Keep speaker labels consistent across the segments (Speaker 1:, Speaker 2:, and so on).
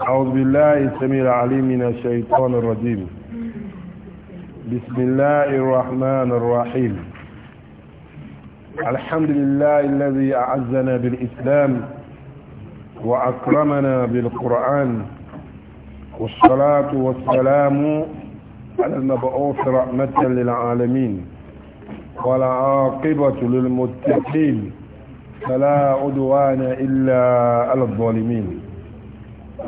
Speaker 1: أعوذ بالله السميع العليم من الشيطان الرجيم بسم الله الرحمن الرحيم الحمد لله الذي أعزنا بالإسلام وأكرمنا بالقرآن والصلاة والسلام على المبعوث رحمة للعالمين والعاقبة للمتقين فلا عدوان إلا على الظالمين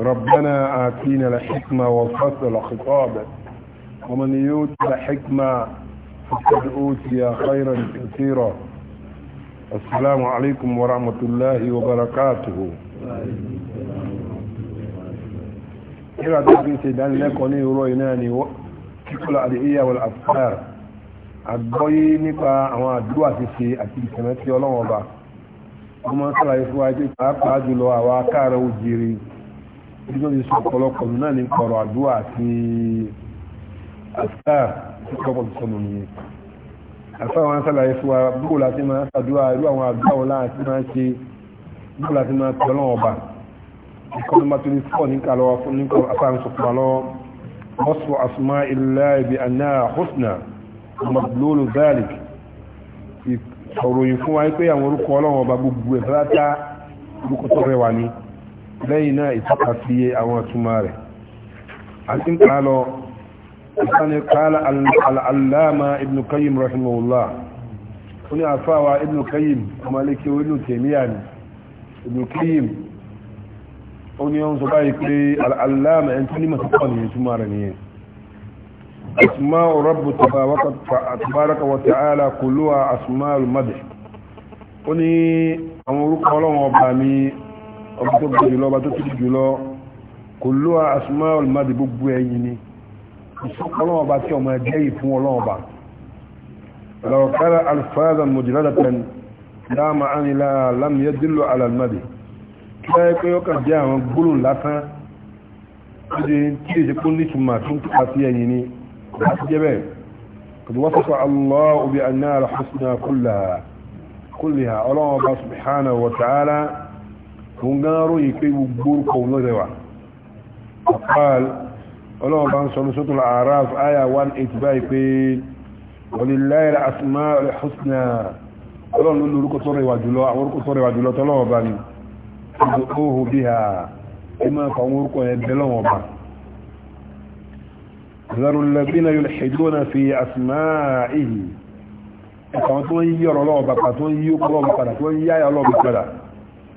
Speaker 1: ربنا آتينا الحكمة وفصل خطابه ومن يوت الحكمة فقد أوتي خيرا كثيرا السلام عليكم ورحمة الله وبركاته إلى تقين سيدان لكني رويناني كل الأدعية والأفكار àgbọ́yé nípa àwọn àdúrà ṣíṣe àti ìsẹ̀mẹ́tì ọlọ́wọ́n ọba wọ́n máa ń sàlàyé fún wa pé pàápàá jùlọ ìjọ yìí sọ ọ̀pọ̀lọpọ̀ náà ní kọ̀rọ̀ àdúrà àti àṣà tí kọ́kọ́ ti sọnù nìyẹn àṣà wọn sàlàyé fún wa bóòlù àti máa ṣàdúrà irú àwọn àdúrà wọn láti máa ṣe bóòlù àti máa tẹ̀ ọlọ́wọ́ ọba ìkọ́ nígbà tó ní fọ́ níkà lọ́wọ́ fún níkọ̀ àṣà ń sọ̀kùnmá lọ́wọ́ lẹ́yìn náà ìtọ́ka sí àwọn àtúmọ̀ rẹ̀ àti ń kàá lọ ìsáni kààlà al'allama ibn kayyim rahimahullah wani àfáwà ibn kayyim maliki ibn tèmíyà ni ibn kayyim ó ní ọ́n sọ báyìí pé al'allama ẹn tó ní masakọ́ ni ìtumọ̀ rẹ̀ ni asma'u rabbu ní ọba tó gbé jùlọ ọba tó tóbi jùlọ kò ló asúmọ́ olùmọ́dé gbogbo ẹ̀yìn ni ọlọ́wọ́ ọba tí ọmọ ẹ̀jẹ̀ yìí fún ọlọ́wọ́ ọba lọ́wọ́ kára alfáàdà mọ̀jìládà tẹ̀lé dáàmà ánilá lámìyẹ́ dìlọ alàlùmọ́dé kí wáyé pé ó kàn jẹ́ kó nítumọ̀ tó ń tó àti ẹ̀yìn قد وصف الله بأنها الحسنى كلها كلها الله سبحانه وتعالى òun gán ròyìn pé gbogbo orúkọ òun lọ́dẹ̀wà àpáàl ọlọ́wọ́ bá ń sọ ní sọ́tún àráf àyà 180 báyìí pé wọlìláìrà asìmá alhusna ọlọ́run ló lórúkọ tó rẹwà jùlọ àwọn orúkọ tó rẹwà jùlọ tọ́lọ́wọ́ bá ní ọdún bí ha ẹ máa fa àwọn orúkọ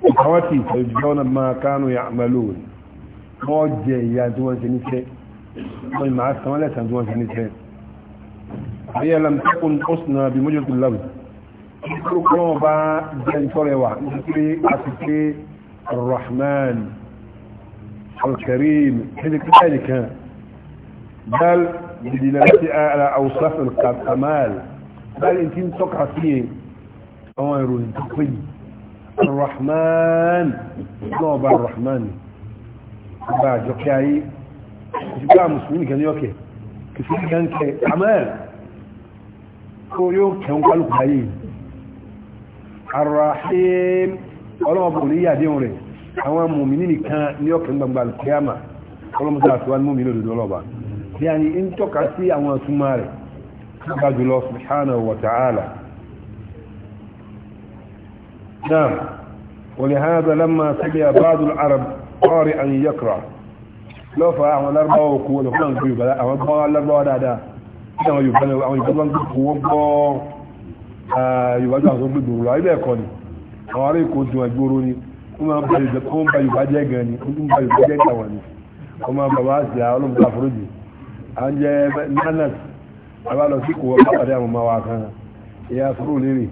Speaker 1: ìkọwàtí ìjọ́nà máa kánú ya àmàlò wọ́n jẹ ìyà tí wọ́n ṣe ní ṣe wọ́n ni máa sanwọ́n lẹ́sàn tí wọ́n ṣe ní ṣe ayé alamtakun ọ̀sùnà bí mọ́jọ́ tó láwù kúrò bá jẹ́ ìtọ́rẹwà nítorí àtìké rahman alkarim ṣe kíkà nìkan ìròyìn tó péye arrahman náà ọba arrahman ọba àjọkẹ́ ayé ìṣùgbà musulmi nìkan ní ọkẹ̀ kìfì nìkan kẹ amẹ́l kó yóò kẹun kálùkù ayé arrahim ọlọ́mọbùn ní yàdéhùn rẹ̀ àwọn mùmìnì nìkan ní ọkẹ̀ gbangba alkiyama ọlọ́mọdé àti wọn mùmìnì òdòdó ọlọ́ba yàní ń tọ́ka sí àwọn àtúmọ̀ ولهذا لما سمع بعض العرب قارئا يقرأ لو فا àwọn larba o ku lo kan gbe bala àwọn gbo larba dáadáa ti àwọn Yorùbá àwọn Yorùbá gbo ku wo gbo ah Yorùbá da so gbe gbo la ile ko ni àwọn are ko dun agboro ni o ma ba je ko ba Yorùbá je gan ni o dun ba Yorùbá je ta won ni o ma baba si a olum ta furuji an je nanas aba lo si ku wo ba da mo ma wa kan ya furu liri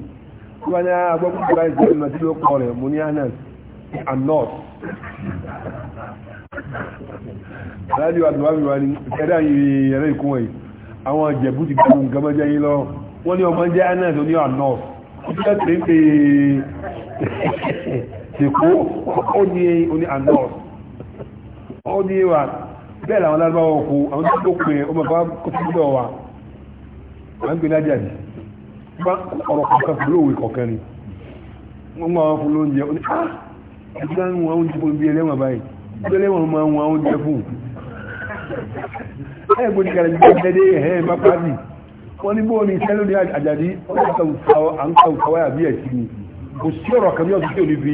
Speaker 1: wọ́n ní agbọ́gbọ́n ah, ìgbà ìjẹ́ ìmọ̀ ló kọ́ rẹ̀ mo ní ah, anas and not aláàdì wa tùwá wíwá ní ẹ̀dá yìí ẹ̀rẹ́ ìkún wọ̀nyí àwọn ìjẹ̀bú ti gbàmù gẹ́mọ́ yìí lọ wọ́n ní ọmọ jẹ́ anas oní and not ó ti tẹ́ pé ṣèkó ó pè ọmọ bá kó tó wa à ń gbé lájà yìí bá ọ̀rọ̀ kọ̀ọ̀kan pẹ̀lú òwe kọ̀ọ̀kan ni wọ́n máa fún lóúnjẹ ó ní ah! á ẹgbẹ́ ń wọn oúnjẹ fún bí ẹlẹ́wọ̀n báyìí bí ẹlẹ́wọ̀n máa ń wọn oúnjẹ fún
Speaker 2: ẹ̀ gbọ́dọ̀ kàrẹ̀ ní ẹ̀ẹ́dẹ́ ẹ̀ẹ́ bá pàdé
Speaker 1: wọ́n ní bóòlù iṣẹ́ lórí àjàdí ọ̀nkàwáyà bí ẹ̀sìn ni kò sí ọ̀rọ̀ kan bí ọ̀sùn tí ò ní fi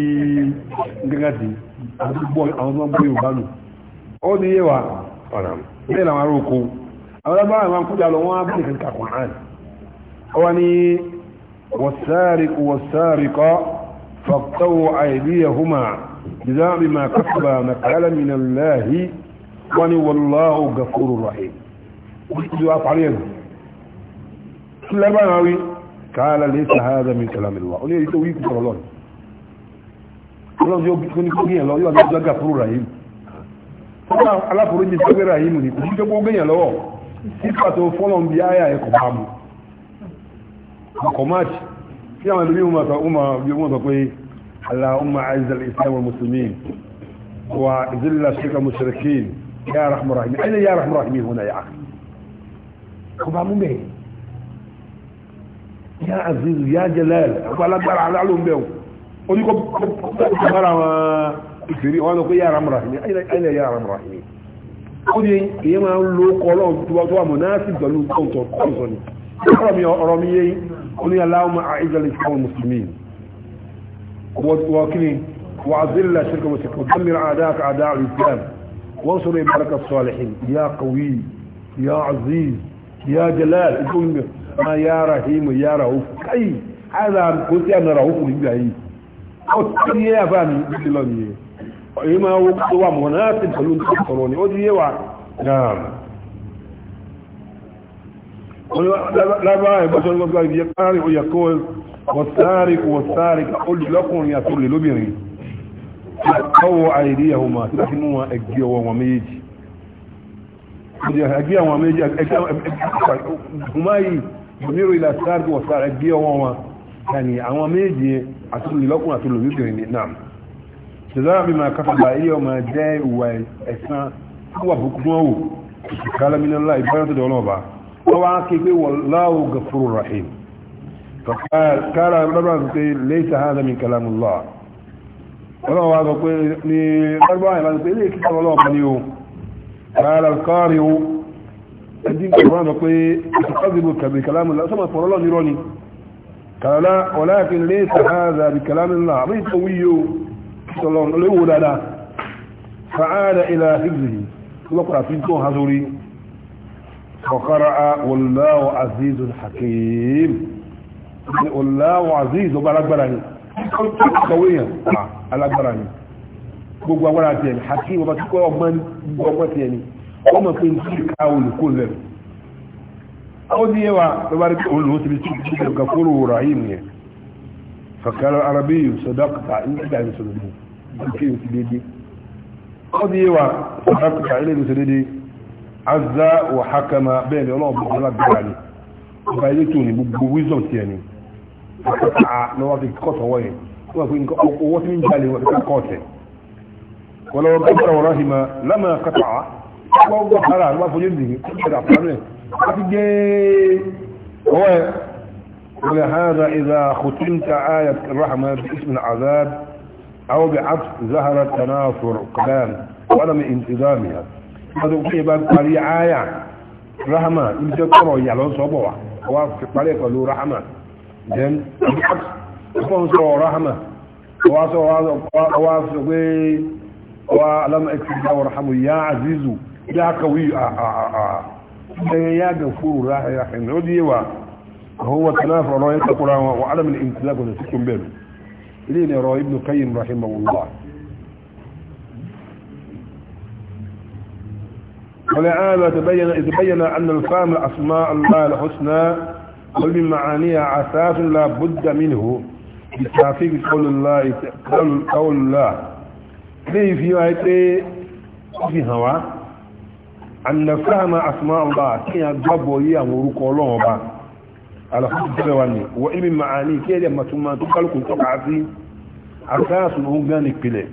Speaker 1: gẹ́gẹ́ sí àwọn tó ń gbé yorùbá nù ó ní yé wa bẹ́ẹ̀ làwọn aróko àwọn alábáwọn àwọn akójà lọ wọ́n á bí nìkan kàkùn áàlì wani والسارق والسارقة فاقطعوا أيديهما جزاء بما كسبا نكالا من الله وني والله غفور رحيم قلت أفعلين كل أربعة قال ليس هذا من كلام الله قل يجب ويك فرلون الله يجب أن يكون الله يجب أن غفور رحيم فقال الله فرجي سبيل رحيم يجب أن يكون الله sípàtò fọ́lọ̀n bí áyà ẹkọ̀ bá mú kọmáàtì tí umma ẹlòmí umma sọ wọn sọ ala umma aizal islam wal muslimin wa zilla shirka mushrikin ya rahmar rahim aina ya rahmar rahim huna ya akhi ko ba mu be ya aziz ya jalal ko la bara ala lu mbew o ni ko bara wa ìfìrí wọn ko ya rahmar rahim aina ya rahmar rahim ko ni yema lo kolon lo tó wà munasib pẹ̀lú ko to ko so ni رمي رميي قل يا اللهم اعز الاسلام والمسلمين واكني واذل شرك المشرك ودمر اعداءك اعداء الاسلام وانصر عبادك الصالحين قوي يا عزيز يا جلال يا رحيم يا رؤوف اي هذا كنت انا رؤوف لله اي lábára ìbáṣọ́ gbogbo ìdíyẹ kárí òyàkó wọ̀sáàrí wọ̀sáàrí olùlọ́kùnrin àti olè lóbìnrin ọwọ́ àìrí ẹ̀hùn máa tí láti mú wọn ẹgbẹ́ ọwọ́ wọn méjì ẹgbẹ́ àwọn méjì ẹgbẹ́ ìmírò ilẹ̀ sáàrí wọ̀sáàrí ẹgbẹ́ ọwọ́ wọn yàní àwọn méjì àti olùlọ́kùnrin àti olè lóbìnrin náà ṣèzára bí máa káfàbà ilé ọmọ طبعا والله غفور رحيم فقال قال ربما ليس هذا من كلام الله قال القارئ الدين قرآن قال تقذب بكلام الله سمع قرآن الله نيروني قال لا ولكن ليس هذا بكلام الله ليس ويو صلى الله عليه وسلم فعال إلى حفظه الله قرآن فين كون حزوري وقرأ والله عزيز حكيم والله عزيز وبقى الأكبراني قوية الأكبراني gbogbo agbára àti ẹ̀mí hakim ọba tí kọ́ ọgbọ́n ti ẹni ọmọ pé n tí ká olùkó lẹ́nu ó ní ẹwà lọ́wọ́ rí olùwó ti bí tí kí ṣe ọ̀gá fóró rahim yẹn fàkàrà arábí sọdọ́kùtà ní kí o ti dédé ó ní ẹwà sọdọ́kùtà ilé ìṣòro dédé azza wa hakama bẹ́ẹ̀ ni ọlọ́run bọ̀ lágbára ni ọba ilé tó ní gbogbo wisdom ti ẹni ọ̀pọ̀ta lọ́wọ́ fi kọ́tọ̀ wọ́ yẹn wọ́n fi owó tí ń jalè wọ́n fi kọ́ọ̀tẹ̀ wọ́n lọ́wọ́ gbọ́dọ̀ wọ́n rahima lámà kọ́tà wọ́n gbọ́ ara wọ́n fojú ní ìṣẹ̀dá fún ẹ̀ wọ́n ti gé ọwọ́ ẹ̀ wọ́n lè hàdà ìdá kùtùntà ayat rahama bí ismin azad aw bi abs zahara tanafur qadan wọ́n lọ́mọ intizamiya pàtó kí ẹ bá parí àyà rahama ibi tẹ́ kọ́rọ̀ ìyà lọ sọ́bọ̀ wa wá fi parí ẹ̀ pẹ̀lú rahama then ọkùnrin sọ̀rọ̀ rahama wá sọ wá sọ pé wá alam ẹ̀kìtì àwọn rahamu ya azizu ya kawí àà ya gafuru rahim ó di wa هو تنافر رأيك القرآن وعلم الانتلاق ونسكن بينه إلينا رأي ابن قيم رحمه الله ولعاما تبين تبين أن الفام أسماء الله الحسنى ومن معانيها أساس لا بد منه بتحقيق قول الله قول الله في في وقت في هوا أن فهم أسماء الله كي أجبوا إياه وروكوا الله وبا على خط الجبواني وإلم معاني كي لما ثم تقلقوا تقعسي أساس هو جانب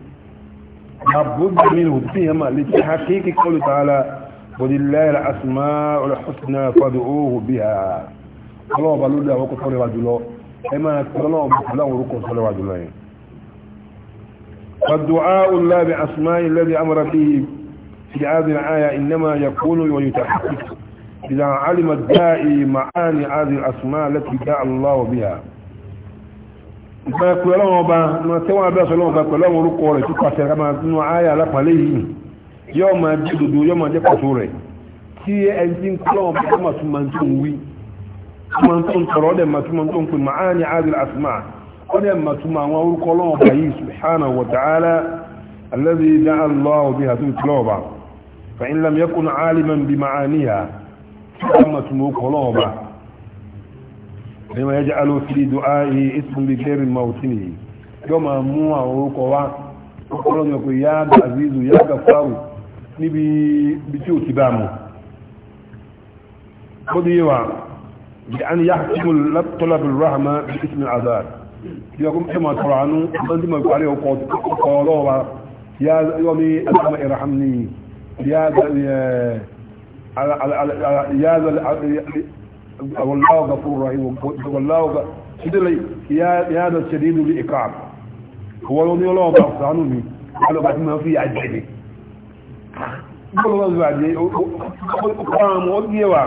Speaker 1: لا بد منه فيهما لتحقيق قول تعالى ولله الأسماء الحسنى فادعوه بها الله بلو ده وكو صلى الله إما الله بلو وكو صلى الله فالدعاء الله بأسماء الذي أمر به في هذه الآية إنما يكون ويتحقق إذا علم الداعي معاني هذه الأسماء التي جاء الله بها ما يقول ما سوى بأس الله فقال الله رقوة تقع سيغمان آية لك عليه yóò máa jẹ́ dòdò yóò máa jẹ́ pàtó rẹ̀ tí ẹni tí ń kọ́ ọmọ tó máa túnmọ̀ tó ń wí túnmọ̀ tó ń tọrọ ọdẹ máa túnmọ̀ tó ń pè máa ní àdìl asma ọdẹ máa túnmọ̀ àwọn orúkọ ọlọ́wọ́ bá yìí subhanahu wa ta'ala alladhi da'a Allah bí àti ìtìlọ́ọ̀bà fa in lam yakun aliman bi ma'aniha tí wọ́n máa túnmọ̀ orúkọ ọlọ́wọ́ bá lima yaj'alu fi du'a'i ismun bi ghayri mawtinihi yóò máa mú àwọn orúkọ wa ọlọ́wọ́ ya níbi bí tí ó ti bá mú ó dí yíwa bí a ní yá símú tọ́lábì rahama bí i sinmi azar kí ọkùn tí ma tọrọ àánú ọdún tí ma parí ọkọ̀ ọlọ́wà ya yọ ní alama iraham ni ya wallahu ghafur rahim wallahu sidilai ya da shadidu li ikab ko wani ọlọ́wà ba sanu ni alọ́ba tí ma fi àjẹ́ bọ́lọ́wọ́ ló wà dé ọ̀pọ̀lọpọ̀ ó yé wa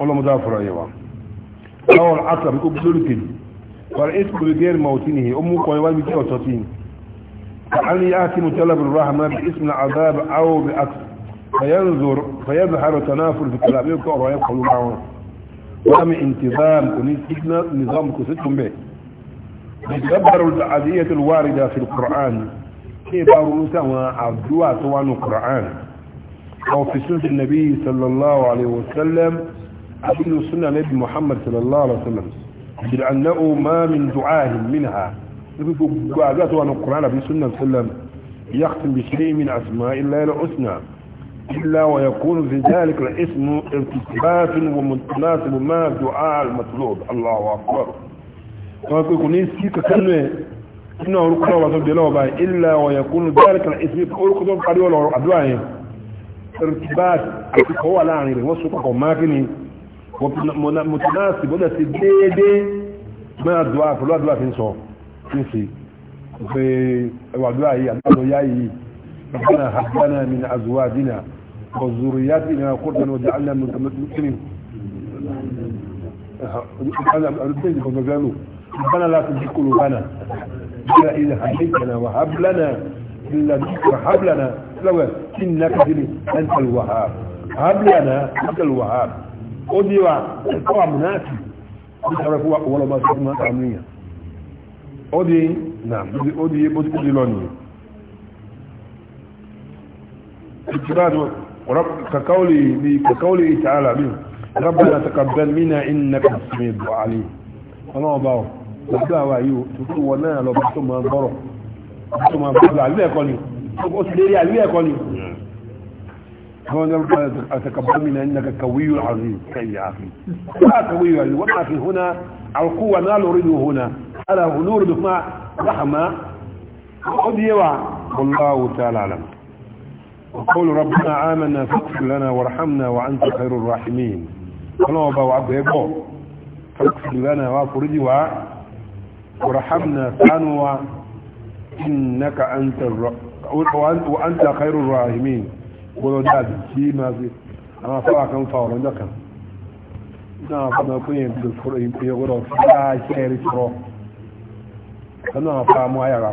Speaker 1: ọlọ́mọdé àfọ̀rọ̀ yé wa báwọn asàbí kó lórí kejì wàrà èsì kò lè gẹ́rì màá òtí nìyí ó mú kọ́ ẹ wá ní kí ọ̀tọ́ sí ni kàánì yá ti mú tẹ́lẹ̀ bìrù rahama bí ismu na azab awo bi at fayanzur fayanzur tanafur fi kalam yóò kọ́ ọ̀rọ̀ yẹn kọlu máa wọn wọ́n mi intizam kò ní sígbà nizam kò sí tún bẹ́ẹ̀. يتدبر العادية الواردة في القرآن القرآن أو في سنة النبي صلى الله عليه وسلم أبن سنة نبي محمد صلى الله عليه وسلم أنه ما من دعاه منها يقول أتوان القرآن في سنة وسلم يختم بشيء من أسماء الله الحسنى إلا ويكون في ذلك الاسم ارتباط ومتناسب ما الدعاء المطلوب الله أكبر ويقول نسيك كلمة nínú orúkọ náà wà tó dé lọ́wọ́ báyìí ilẹ̀ ọ̀yẹ̀ kúnnù bẹ́ẹ̀rẹ̀ kan ìsìn orúkọ tó ń parí ọ̀rọ̀ àdúrà yẹn irtibat àti kọ́ wà láàrin rẹ̀ wọ́n so papọ̀ máa kí ni mọ̀tánásì bọ́dẹ̀ sí déédéé máa dùn àpòlọ́ àdúrà fi ń sọ ní sí pé ẹwà لا تزغ قلوبنا ربنا إذا حييتنا وهب لنا إلا ذكر هب لنا لو إنك أنت الوهاب هب لنا أنت الوهاب أدوى القوى ناس بشرف ولا ما شرنا تعمليا ودي نعم ودي أدي أدي أدي لوني اتباد رب كقولي كقوله تعالى منه ربنا تقبل منا إنك سميع عليم الله اكبر pẹ̀lú àwọn àyè tuntun wọn náà lọ bí tó máa gbọ́rọ̀ tó máa gbọ́rọ̀ àlú ẹ̀kọ́ ni ó ti lérí àlú ẹ̀kọ́ ni àwọn ọ̀nà àtàkàbọ́mì náà nígbà kàwíyù àrùn kẹyà àfi wọ́n kàwíyù àrùn wọ́n àfi húnà àkúwà náà lórí ní húnà ala hunuru da kuma rahama ó di yawa wallahu ta'ala alam وقول ربنا آمنا فاغفر لنا وارحمنا وأنت خير الراحمين قالوا أبا وعبه يبو فاغفر لنا وافرج وعبه warhamna sanuwa innaka anta wa anta khairur rahimin gbọ́dọ̀ dáàbì kí kan fa ọ̀rọ̀ ńjọ́ kan náà fọ́nà pé yẹn ti fọ́rọ̀ yìí pé gbọ́dọ̀ fúnra iṣẹ́ rí sọ̀rọ̀ kan náà fa mú ayàrá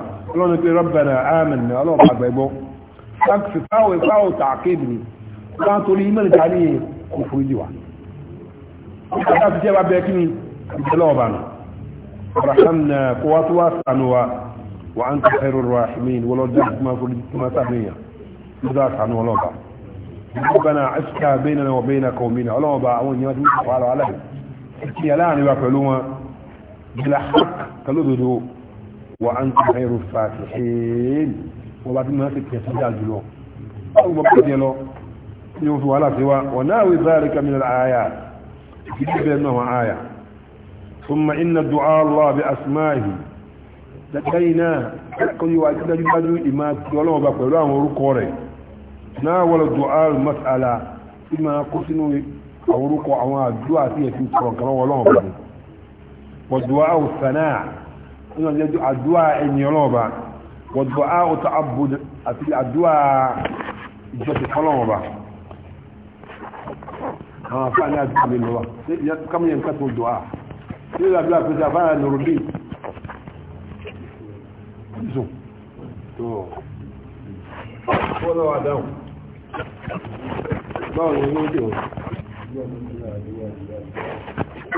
Speaker 1: fi lọ́nà pé rọ́bẹ̀rẹ̀ àmìnà ọlọ́pàá gbẹ̀gbọ́ fáwọ̀ ìfáwọ̀ tààkébìrì wọ́n torí ìmẹ́lì ta ní kò fún ìjìwà ọjọ́ bẹ́ kí ni ìjọlọ́ ọba nù ọ̀rọ̀hánà kó wá tó wá sànú wa wà á ń ta ربنا عشك بيننا وبين قومنا ọlọ́ọ̀ba àwọn èèyàn tó ń fọ́ àlọ́ alẹ́ ìkìyà láàrin wa pẹ̀lú wọn bìlà hàk وأنت خير الفاتحين وبعد ما تتسجع جلو أو مبتدي له يوسف على سوى وناوي ذلك من الآيات يجب أنه آية ثم إن الدعاء الله بأسمائه لدينا كل واجد يجب إما تقولون بقولون ورقوري ناول الدعاء المسألة إما قسنوا أو رقوا أو الدعاء فيه في القرآن ولهم والدعاء الثناء nínú ọjọ́ àdúrà ẹni ọlọ́ọ̀ba wọ̀dùbọ̀ á ọ̀tọ̀ àbúdó àti àdúrà ìjọsìn fọlọ́ọ̀ba àwọn afáàní àdúrà mi lọ́wọ́ kámúyẹ̀ nǹkan tó dùn á sí ìlàdúrà pèsè àfáàní lọ́rọ̀ bíi ìzò tó wọ́n lọ́wọ́ àdáhùn báwọn ni wọ́n dé wọ́n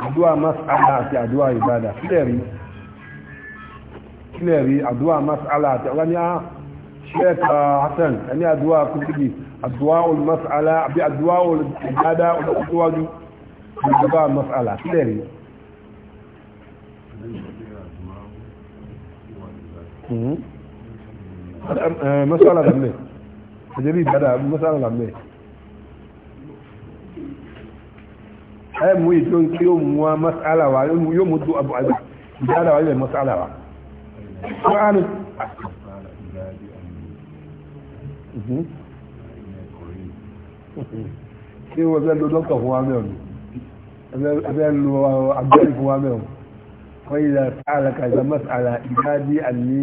Speaker 2: àdúrà mas'ala
Speaker 1: àti àdúrà ìbádà sílẹ̀ rí kílẹ̀ rí àdúwà mas'ala àti ọ̀gá ní àá ah, sheik uh, hassan ẹni àdúwà kúrìdì àdúwà olùmas'ala àbí àdúwà olùdádá olùkúwájú àdúwà mas'ala kílẹ̀ rí hmm? eh, mas'ala dàmẹ́ àjẹ́bí ìdádá mas'ala dàmẹ́ ẹ mú ìtò kí yóò mú wa mas'ala wa yóò mú tó àbúrò ìdádá wa yóò mú mas'ala wa Qur'an mhm. ṣé wọ́n fẹ́ lo dọ́kítà fún wa mẹ́rin ẹgbẹ́ lo abẹ́rẹ́ uh, fún wa mẹ́rin wọ́n yìí la alaka ìgbà mas'ala ìbádi àní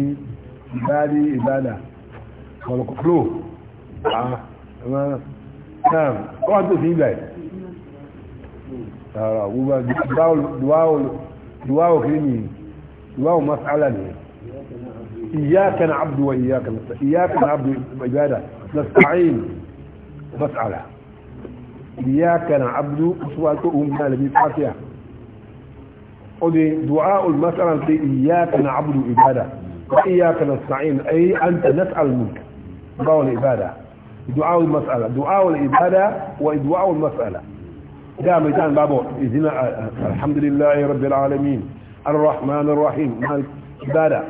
Speaker 1: ìbádi ìbádà kọ̀lọ̀kọ̀lọ̀ àwọn náà wọ́n tó fi ìgbà yìí ara gbogbo duwawo kiri ni duwawo mas'ala ni
Speaker 2: إياك نعبد
Speaker 1: وإياك نستعين إياك نعبد عبادة نستعين مسألة إياك نعبد أسواتهم أمنا لبي فاتحة ودي دعاء المسألة إياك نعبد عبادة وإياك نستعين أي أنت نسأل منك دعاء العبادة دعاء المسألة دعاء العبادة ودعاء المسألة ده ميدان بابو إذن آه، آه، الحمد لله رب العالمين الرحمن الرحيم مالك عبادة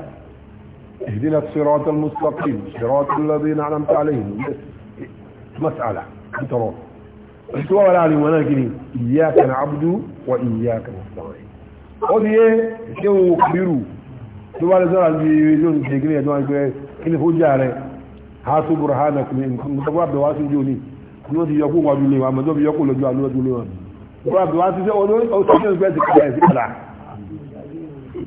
Speaker 1: اهدنا الصراط المستقيم صراط الذين أنعمت عليهم مسألة بتروح ìtọ́wà wà láàrin wọn náà gini ìyáka na abdu wa ìyáka na sàmàrí ó ti yé ṣe wo kìrù tó wà lẹ́sọ́rọ̀ àti ìrìnjò ní ṣègìrì ẹ̀dùn àgbẹ̀ kí ni fójá rẹ̀ ha tó bùrọ̀ ha nà kùnrin mùsàkùn àbẹ̀ wá sí jò ní ní wọ́n ti yọkú wájú lé wa mọ̀tọ́ fi yọkú lójú àlúwẹ́dúlé wọn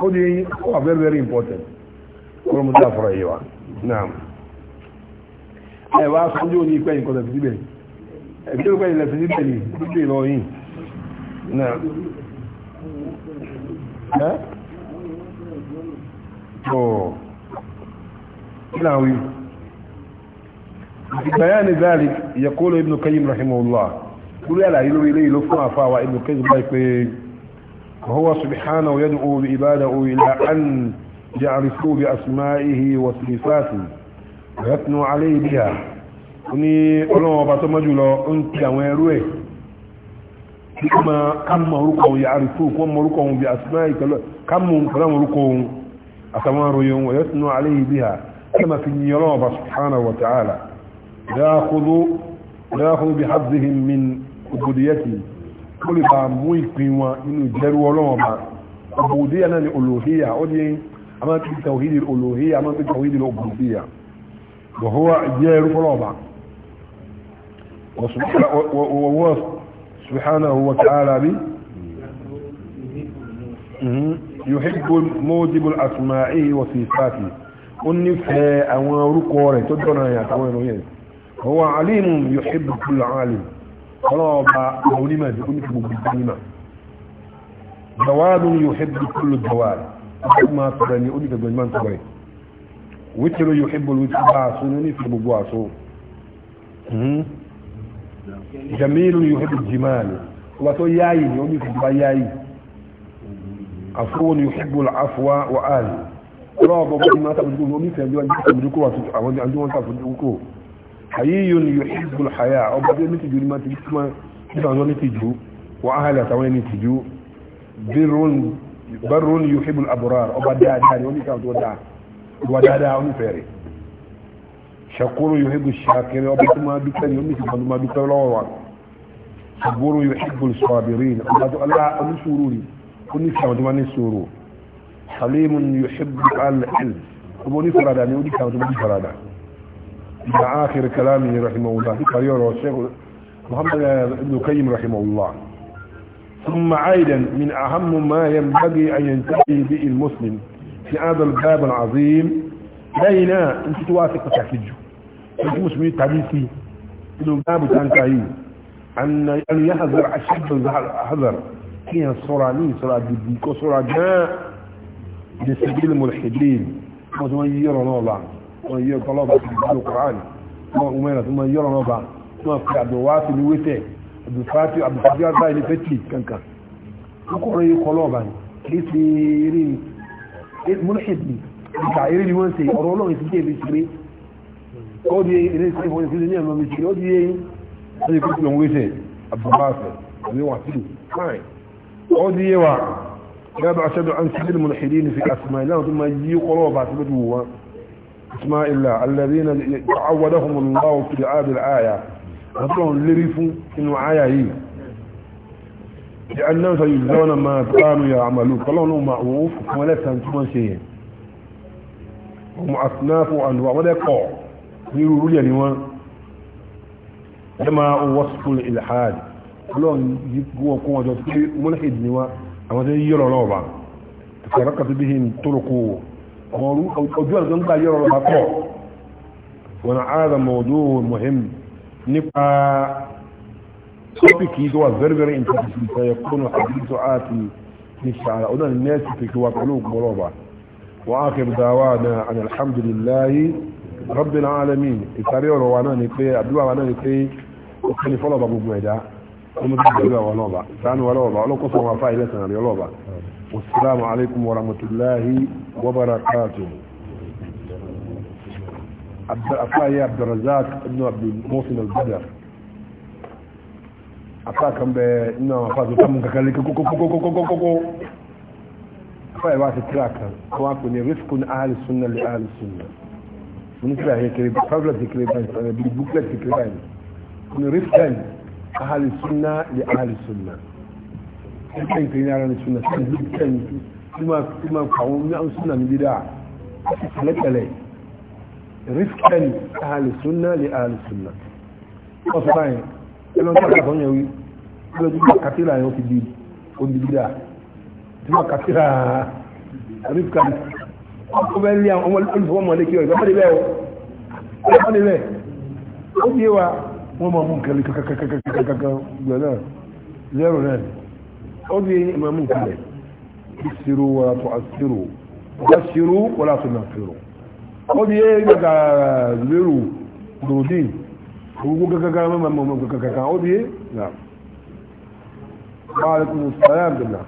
Speaker 1: ó di wà very very important kúrò mú dáfọ́rọ̀ èyí wa náà ẹ wá sọ́jú òní ìpẹ́ yìí kọ́tà fìdíbẹ̀ ẹ̀bí ló pẹ́yìn lẹ́fì síbẹ̀ ní gbígbé lọ yìí náà ẹ́ ọ̀ kí náà wí في بيان ذلك يقول ابن قيم رحمه الله قل لا إله إليه لفنا فاوى ابن قيم رحمه الله وهو سبحانه يدعو بعباده إلى أن يعرفوا بأسمائه وصفاته ويثنوا عليه بها ni ọlọ́wọ́ bá tó mọ́ jùlọ ń ti àwọn ẹrú ẹ̀ kíkọ́mà kámọ̀ orúkọ òun yàrí tó kọ́ mọ̀ orúkọ òun bí àsìmá ìtọ́lọ̀ kámọ̀ kọ́lámọ̀ orúkọ òun àtàwọn aròyìn òun ẹ̀yọ́ tínú aléyìí bí ha kíkọ́mà fi yí ọlọ́wọ́ bá subhanahu wa ta'ala dáàkúdó bí hadhihim min ubudiyatihi kó lè bá mú ìpín wọn nínú ìjẹ́rú ọlọ́wọ́n bá ọ̀bùdíyà náà ni olóhíyà ó ní amákìtì tàwídì olóhíyà amákìtì tàwídì ọ̀bùdíyà wọ̀húwà ìjẹ́rú ọlọ́wọ́n bá wọ̀wọ́ subhanahu wa ta'ala bi mhm. yuhibbu mawjibu asma'ihi wa sifatihi ó nífẹ̀ẹ́ àwọn orúkọ rẹ̀ tó dọ̀nà àtàwọn ìròyìn wọ́n alimun yuhibbu ọlọ́ọ̀bá onímọ̀ ní oníkì gbogbo onímọ̀ dawalu yuhibbu kullu dawal ma tọrọ ní oníkì gbogbo onímọ̀ tọrọ wítìrò yuhibbu wítìrò bá aṣọ ní oníkì gbogbo aṣọ jamilu yuhibbu jimali ọba tó yáyì ní oníkì gbogbo yáyì afuwon yuhibbu al'afuwa wa ali ọlọ́ọ̀bá onímọ̀ tọrọ ní oníkì gbogbo onímọ̀ hayiyun yuhibbul haya ọba tó ní tìjú ní máa ti kuma nípa àwọn ní tìjú wa ahàlẹ̀ àtàwọn ní tìjú barron yuhibbul abrar ọba dáadáa ni wọ́n ní ká tó dáa ìwà dáadáa wọ́n ní fẹ́rẹ̀ shakuru yuhibbul shakiri ọba tó máa dúpẹ́ ni wọ́n ní tìjú máa dúpẹ́ lọ́wọ́ wa saburu yuhibbul sabirin ọba tó alá ọdún sùúrù ni ó halimun yuhibbul al'ilm ọba onífaradà ni ó ní sàwọn tó máa الى آخر كلامه رحمه الله قريره الشيخ محمد ابن كيم رحمه الله ثم أيضا من أهم ما ينبغي أن ينتهي به المسلم في هذا الباب العظيم لينا أنت توافق تحكيجه أنت مسلمي تاريخي إنه باب تنتهي أن يحذر أشد الحذر فيها الصراني لي صورة ديكو صورة جاء لسبيل الملحدين وزميرنا الله wọn yọ ọkọ lọba ti dùn Quran wọn ọmọ ẹ̀rọ tó máa yọrọ lọba wọn fi àbẹ̀wáàtì ní wẹ́tẹ̀ àbẹ̀fáàtì àbẹ̀fáàtì àgbà ilé fẹ́tì kankan wọn kọ̀ ọ̀rọ̀ yìí kọ́ lọ́ọ̀bà ni kì í ṣe eré múlẹ̀ṣẹ̀ ni ìgbà eré ni wọ́n ṣe ọ̀rọ̀ ọlọ́run ti dé ibi ṣeré ó di eré ṣe ìfọ̀n ìṣẹ̀lẹ̀ ní ẹ̀rọ mi ṣe ó di eyín ó di yé wa gbẹ́bà ṣẹ́dọ̀ اسماء الله الذين تعودهم الله في هذه الآية نطلعهم لرفوا إنه آية هي لأنهم سيجزون ما كانوا يعملون قالوا لهم معروف ولا تنتم شيء هم أصناف وأنواع ولا يقع يقولوا لي نوان كما وصف الإلحاد قالوا يقوى قوة ملحد نوان أما يرى نوبة تفرقت بهم طرقوا ọ̀rú ojú ọ̀nà tó ń gbà yọ̀rọ̀ lọ́ba pọ̀ wọn àádọ́ mọ̀ọ́dọ́ mọ̀hìm nípa tọ́pìkì tó wà very very important nípa ẹ̀kọ́nù àdúgbò àti nìṣàlá ọ̀nà ní nẹ́ẹ̀sì pèkì wa pẹ̀lú ògbọ́rọ̀ ọba wọ́n á kẹ́ dáwà náà àni alhamdulillahi rabbil alamin ìsáré ọ̀rọ̀ wa náà ni pé àdúrà wa náà ni pé ó وبركاته أفايا عبد الرزاق ابن عبد المحسن البدر أفا كان بإنه أفا زتام ككاليك كو كو كو كو كو كو أفا يبعث تراكا كواكني رفق أهل السنة لأهل السنة من كلا هي كريب فبلا تكريبان بالبوكلا تكريبان من رفقا أهل السنة لأهل السنة كيف يمكن أن السنة كيف tí ma kàwọn ní àwọn súnà ní bídá tẹ́lẹ̀tẹ́lẹ̀ rifkẹ́lì ahàlì súnà lè ahàlì súnà wọ́n sọ báyìí ẹlọ́n tí a kọ́ yẹn wí ẹlọ́n tí ma kàtírà yẹn ó ti di omi bídá tí ma kàtírà rifkẹ́lì ọkọ̀ bẹ́ẹ̀ lé àwọn olùfọwọ́mọlé kí wọ́n ìgbà pàdé bẹ́ẹ̀ o ìgbà pàdé bẹ́ẹ̀ ó di wa wọ́n máa mú nǹkan lé kàkàkàkàkàkàkà gbẹ̀ náà zero náà ó di ìmọ̀ mú nǹkan lẹ̀ يسروا ولا تعسروا وبشروا ولا تنفروا ó di yéé gàgà lérò dòdì gbogbo gàgàgà mọ́mọ́ gàgàgà ó di yéé nà wàhálàkùn sàlám dùnà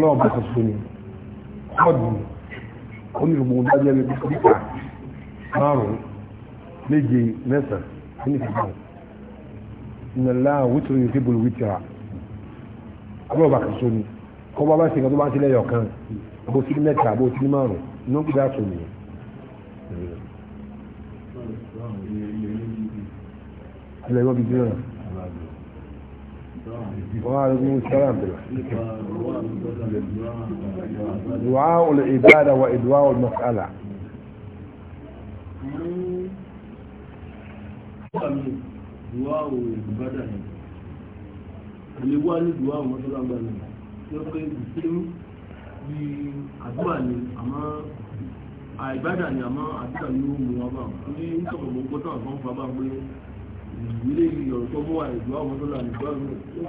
Speaker 1: lọ́wọ́ bá sọ̀tún ni kọ́ọ̀dù ó ní gbogbo dájẹ́ bí kíkà márùn-ún méje mẹ́sàn-án ó ní kíkà ìnàlá wítìrì yóò abúlé ọba kìí sóni kọ́ bá bá ṣe nǹkan tó bá ti lẹ́yọ̀ kan bó ti ní mẹ́ta bó ti ní márùn inú kí dáa sóni. ilẹ̀ yóò bí bí náà wọ́n á
Speaker 2: lóyún sára bẹ̀rẹ̀.
Speaker 1: du'a ul ibada wa du'a ul mas'ala.
Speaker 2: du'a ul ibada ni lè wá nídùú àwọn tó lágbà ní ló pé ìsinmi bí àdúrà ni àmọ́ àìbádà ni àmọ́ àdúrà ni ó mú
Speaker 1: wa bá wọn ní sọ̀rọ̀ mọ́ gbọ́tọ̀ àwọn fún wa pé ilé ìyọ̀rọ̀ tó mọ́ àìdù àwọn tó là nígbà ó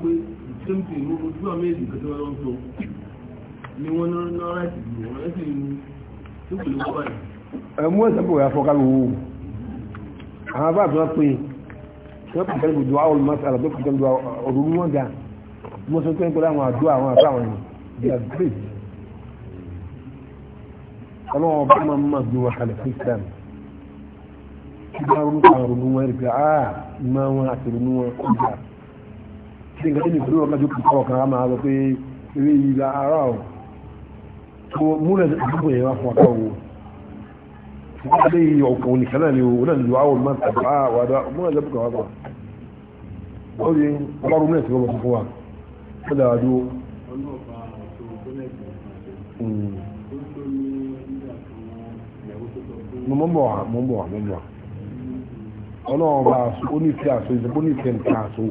Speaker 1: pé ìsinmi tí ìlú ojú àmì èdè kẹtẹ wọn sọ ni wọn náà láti ìlú wọn láti ìlú tó pèlú wọn báyìí. ẹ̀mú ẹ̀sẹ̀ pé òyà fọ́ká lówó àwọn bá àtúnwá pé wọ́n kàn fẹ́ gbogbo àwọn olùmọ̀sára tó kàn gbogbo ọ̀rùn wọn ga mo sọ pé ń pẹ̀lú àwọn àdó àwọn àtọ́ àwọn ènìyàn they are great ọlọ́wọ́ bá máa máa gbé wọn kalẹ̀ christian kí bá ronú kan ronú wọn rí pé ah ìmọ̀ wọn àti ronú wọn kó gbà kí nǹkan tó ní ìpínlẹ̀ ọ̀gá jókòó kọ́ ọ̀kan máa lọ pé eré yìí la ara ọ̀ tó múlẹ̀ àdúgbò yẹn wá fún ọ̀gá òwò ṣùgbọ́n àdéhìí ọ̀kan òníkan náà ni òun náà lù àwọn olùmọ̀sára wà wà á múlẹ̀ àdúgbò kan ó rí ọlọ́run mẹ́rin tí wọ́n mọ̀ fún wa ó dára dúró.
Speaker 2: mo mọ̀ mọ̀ wá mo
Speaker 1: mọ̀ wá mo mọ̀ wá ọlọ́run bá aṣọ ó ní ìfẹ́ aṣọ ìṣẹ́ ó ní ìfẹ́ nǹkan aṣọ.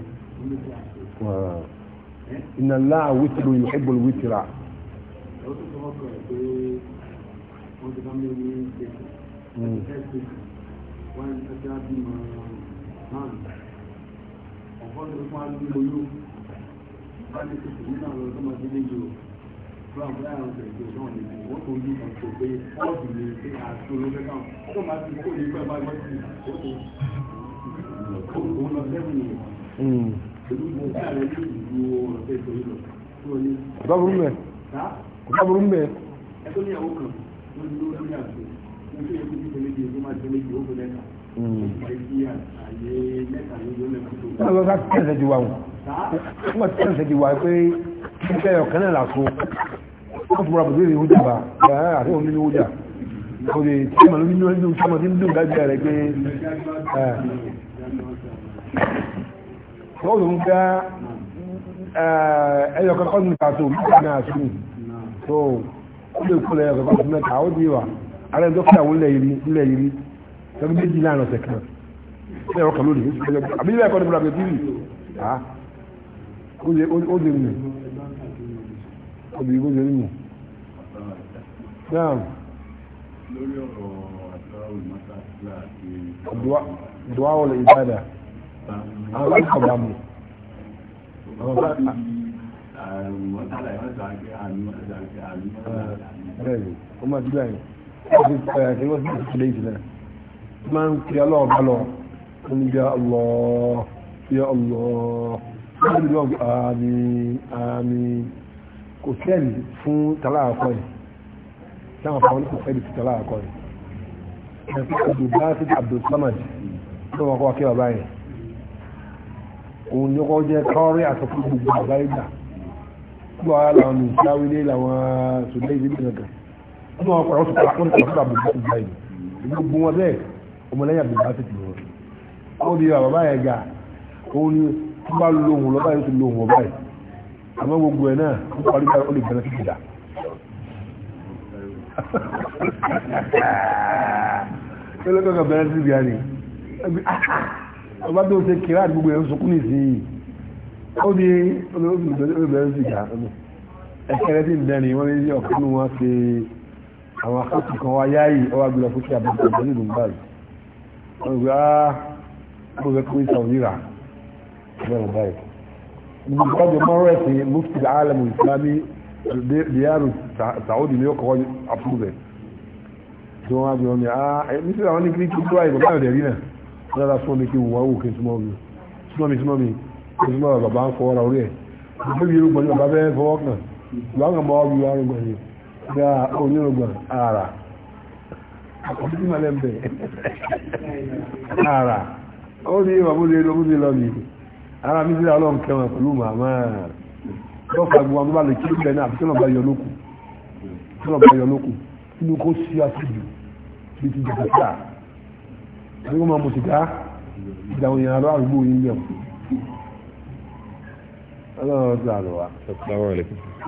Speaker 1: iná láà wítìrì yóò ẹgbẹ̀rún wítìrà.
Speaker 2: Mm ọ̀fọ́dún
Speaker 1: fún alúgbé olú bá ní kòkò nínú àwọn ọdún ọdún méjì o fún àwọn ọdún wọ́n tó yí kan tó pé ọ́ọ̀dù lè ṣe máa ti kó nípa
Speaker 2: ẹgbẹ́ ẹgbẹ́ Báwo ká tẹ́sẹ̀ di wa wọ̀n?
Speaker 1: Wọ́n tẹ́sẹ̀ di wa pé ẹgbẹ́ ọ̀kan náà làkó. Wọ́n fún ọ̀rọ̀ bèèrè ìhújà bá, yàrá àti òun nínú ìhújà. Ó lè tí màá lórí nínú ìlú sọmọ tí ń dùn dájú rẹ̀ pé wọ́n lòun gá ẹyọ kankan ní kàtó nígbà náà sí ni. Tó ó lè kó lẹ́yọ kankan sí mẹ́ta, ó di wa. Ààrẹ sọ́kú méjì láàrin ọ̀sẹ̀ kan ṣé ọkàn lónìí àbí ilé ẹ̀kọ́ ni bùrọ̀ àbẹ̀tí rì á ó lè mú obìnrin ó lè mú. Naam.
Speaker 2: Lórí ọ̀rọ̀ àtàwọn ìmọ̀tàkìlá àti
Speaker 1: Dùwá wọlé ìbádà. Àwọn bá kọ̀ bá mu.
Speaker 2: Àwọn bá kọ̀ bá mu. Bẹ́ẹ̀ni, ó máa dúró àyè. Ó ti sọ̀rọ̀ àti wọ́n ti sọ̀rọ̀ ìdílé
Speaker 1: máa ń kí ọlọ́ọ̀bá lọ wọ́n ní yá Allah yá Allah wọ́n ní lọ́gbọ̀ àmín àmín kò sẹ́ẹ̀lì fún tàlàkọ́ yìí táwọn fún kò sẹ́ẹ̀lì fún tàlàkọ́ yìí ẹ̀fí abdulbasit abdulsamad ní wọn kọ́ akẹ́wà báyìí òun ní ọkọ̀ jẹ́ kọ́rí àtọ́kù gbogbo àgbáyé gbà gbogbo ara làwọn ní ìsáwílé làwọn sùdẹ́ ìdílé nìkan ní wọn kọ́ ọmọlẹ́yìn àbùdá ti tìlú wọn ó di wa bàbá yẹn ga òun ni tó bá lóhun lọ́bá yóò ti lóhun ọ̀bá yìí àmọ́ gbogbo ẹ̀ náà ó parí bá olè bẹ̀rẹ̀ sí ìdá ẹlẹ́kọ̀ọ́kọ̀ bẹ̀rẹ̀ sí ìdá ni ọba tó ṣe kìlá àti gbogbo ẹ̀ sọkún nìsín ó di olè bẹ̀rẹ̀ sí ìdá ẹ̀kẹ́rẹ́ tí ń dẹ́ni wọ́n ní ọ̀kan wọn ṣe àwọn akásùn kan wáyáyì ọwá gbìlọ̀ fún kí abẹ́gbẹ̀ ìgbẹ̀lú ìgbẹ̀lú báyìí ọ̀gá ọ̀gá kí wọ́n sàwọn yíra bẹ́ẹ̀ báyìí gbogbo ọjọ́ mọ́rọ̀ ẹ̀sìn mufti alamu islami diyaru saudi ni ó kọ́kọ́ approve tí wọ́n á bí wọn ni ah ẹ̀mí sí àwọn ní kí kí tó àyè bàbá yóò dẹ̀rí náà wọ́n dára súnmọ́ mi kí wọ́n wò kí súnmọ́ mi súnmọ́ mi súnmọ́ mi kí súnmọ́ àrà ó ní ìwàmúlé ló múlé lọ nìyí ara mi sílẹ̀ ọlọ́run kẹwọn pẹ̀lú màmá lọ́fà gbogbo àwọn bá lè kí ìgbẹ́ náà tọ́nà bá yọ lókù tọ́nà bá yọ lókù inú kó sí àtijọ́ bí ti jẹ̀kọ̀ sáà ẹni wọ́n máa mọ̀ sìgá ìdáwọn èèyàn ará àrùgbó yìí yẹ̀ ọlọ́run sí àlọ́wà.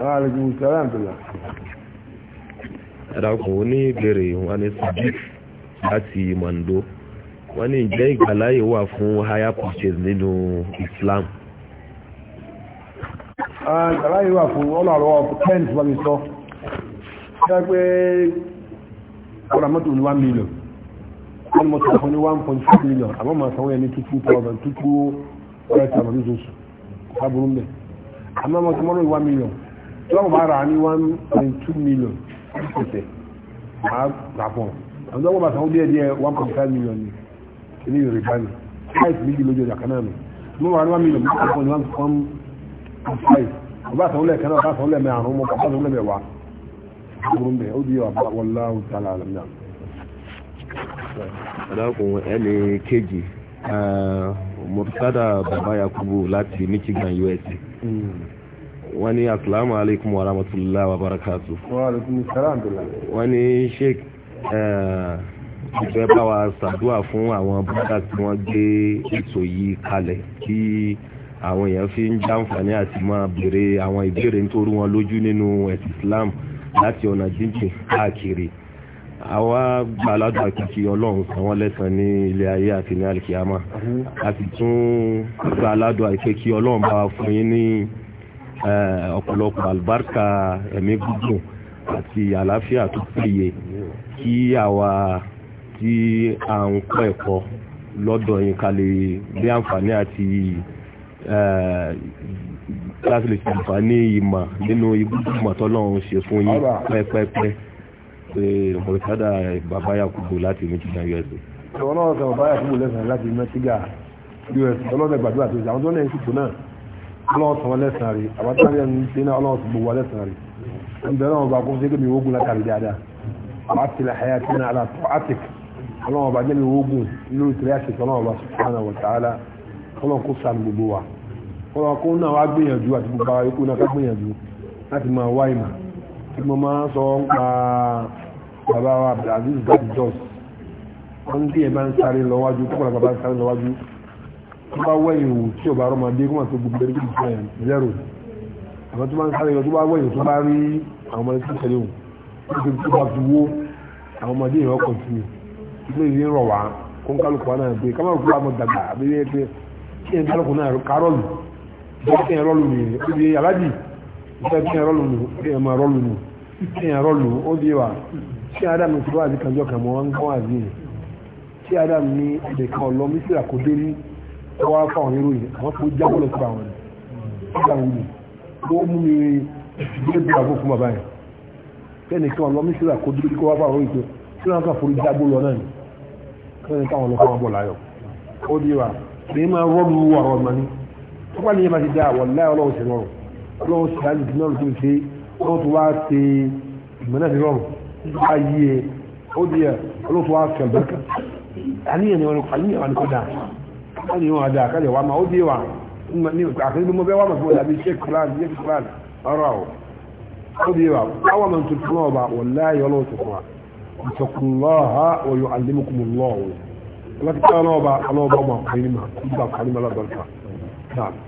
Speaker 1: Ààrẹ̀kùn sẹ́rẹ̀ àǹtọ́lá.
Speaker 2: Ẹ̀dàkùn ó ní ìbéèrè ìhun a ní sàbí láti Mando wọ́n ní ìjẹ́ ìgbàláyè wà fún higher purchase nínú Islam.
Speaker 1: Ah, ìgbàláyè wà fún ọ̀nà àrọ̀ pent wà ní sọ ṣe pé ọ̀rọ̀ mọ́tò ní one million wọ́n ni mo sọ fún ní one point five million àmọ́ màá sanwó ẹni two two thousand two two hundred thousand lóṣooṣù sábúrú mbẹ àmọ́ mo sọ mọ́tò ní one million tí wọ́n bá rà ní one point two million ṣẹ̀ṣẹ̀ màá rà fún ọ àwọn ọmọ bá sanwó díẹ̀ díẹ̀ one point five million ni ilé yorùbá ni five méjì lójú ọjà kan náà ni mo wà ní one million one point one one five ọba àtàwọn lẹ́ẹ̀kan náà ọba àtàwọn lẹ́ẹ̀mẹ́ àrùn mọ́ ọba àtàwọn lẹ́ẹ̀mẹ́ wá ọdún bẹ́ẹ̀ ó di ọba wallahu ta'ala alam náà.
Speaker 2: ọ̀dàkùn ẹni kejì eh, mọ̀tàdà bàbá yakubu láti michigan usa hmm. wọ́n ní asalaamu alaykum wa rahmatulah wa barakatu.
Speaker 1: wa alaykum salaam.
Speaker 2: wọ́n ní sheikh. Eh, mo bá wa ṣàdúrà fún àwọn bọ́dà tí wọ́n gbé ètò yìí kalẹ̀ kí àwọn èèyàn fi ń jàǹfààní àti máa béèrè àwọn ìbéèrè nítorí wọn lójú nínú ẹ̀sìn Islam láti ọ̀nà jíjìn káàkiri àwa gbàládùn àkìkì ọlọ́run àwọn lẹ́sàn ní ilé ayé àti ní alikiyama a sì tún gbàládùn àkìkì ọlọ́run bá wa fún yín ní ọ̀pọ̀lọpọ̀ àlùbáríkà ẹ̀mí gígùn àti àlàáfíà tó péye kí àwa tí à ń kọ́ ẹ̀kọ́ lọ́dọ̀ yín ká lè rí àǹfààní àti láti lè ṣe àǹfààní ìmọ̀ nínú ìmọ̀ tọ́lọ́run ṣe fún yín pẹ́pẹ́pẹ́ pé mọ̀lẹ́sádà bàbá Yakubu láti Michigan USA.
Speaker 1: ìwọ náà sọ bàbá Yakubu lẹ́sàn-án láti Michigan US ọlọ́dẹ gbàdúrà tó ṣe àwọn tó náà ń ṣètò náà ọlọ́wọ́ sọ wọn lẹ́sàn-án rí àwọn tó náà ń ṣe náà ọlọ́wọ́ sọ gbogbo wọn lẹ́sàn-án rí ń bẹ̀rẹ̀ wọn bá kó ṣe kí mi wógun látàrí dáadáa wàá tilẹ̀ hayati náà àlàtọ̀ àtìkì ọlọ́wọ́ bá jẹ́mi ogun lórí tẹ̀lé àṣìkò ọlọ́wọ́ bá subhanahu wa ta'ala ọlọ́wọ́ kó sànù gbogbo wa ọlọ́wọ́ kó náà wá gbìyànjú àti gbogbo àwọn ikú náà ká gbìyànjú láti máa wá ìmọ̀ tí mo máa ń sọ ń pa bàbá wa abdulaziz gadi jos wọ́n tí ẹ bá ń sáré lọ́wájú tó kọ́ra bàbá ń sáré lọ́wájú tó bá wẹ̀yìn wò tí ọba ọmọdé kó máa tó gbogbo ẹni ilé ìwé rọ̀ wá kó ń kálukú náà gbé ká má rò fún àmọ́ dàgbà àbí wíyẹ pé kí ẹ̀ ń kálukú náà kárọ̀lù bọ́ kí ẹ̀ rọ́lù nìyẹn ó di alájì ìfẹ́ kí ẹ̀ rọ́lù nù kí ẹ̀ máa rọ́lù nù kí ẹ̀ rọ́lù ó di wa kí adam ti wá àbí kanjọ́ kan mọ́ ń gbọ́n àbí yẹn kí adam ní ẹ̀dẹ̀ kan ọ̀lọ́ mísírà kò dé ní wá fáwọn ìròyìn àwọn tó jábọ̀ lọ sí àwọn ẹ̀ ọ̀gá wù ló mú mi gbé bí àgbo fún bàbá yẹn kẹ́ni kan ọ̀lọ́ mísírà kò dé ní kó wá fáwọn ìròyìn tó tí wọ́n kàn forí jábọ̀ lọ náà fún ìtàwọn olùkọ́ ọbọ̀ láyọ̀ ó di wa kì í máa rọ́ọ̀lù wọ̀rọ̀ ọ̀nà tó bá níyẹn bá ti dá wàláyà ọlọ́run sí rọrùn ọlọ́run sí àjù tí náà tún ṣe ọlọ́run tó wá ṣe ìmọ̀lẹ́ sí rọrùn bá yí ẹ ó di ẹ ọlọ́run tó wá ṣe ọ̀bẹ̀kà àníyàn ni wọn àníyàn wọn kò dà wọn dà kájọ wa máa ó di wa àfẹ́gbẹ́ mọ́ bẹ́ẹ̀ wà máa fún ọ̀dà bíi sheikh kuran sheikh kuran ọ̀rọ̀ واتقوا الله ويعلمكم الله
Speaker 2: لكن أنا أبا أنا أبا ما قيمة أبا قيمة لا بركة نعم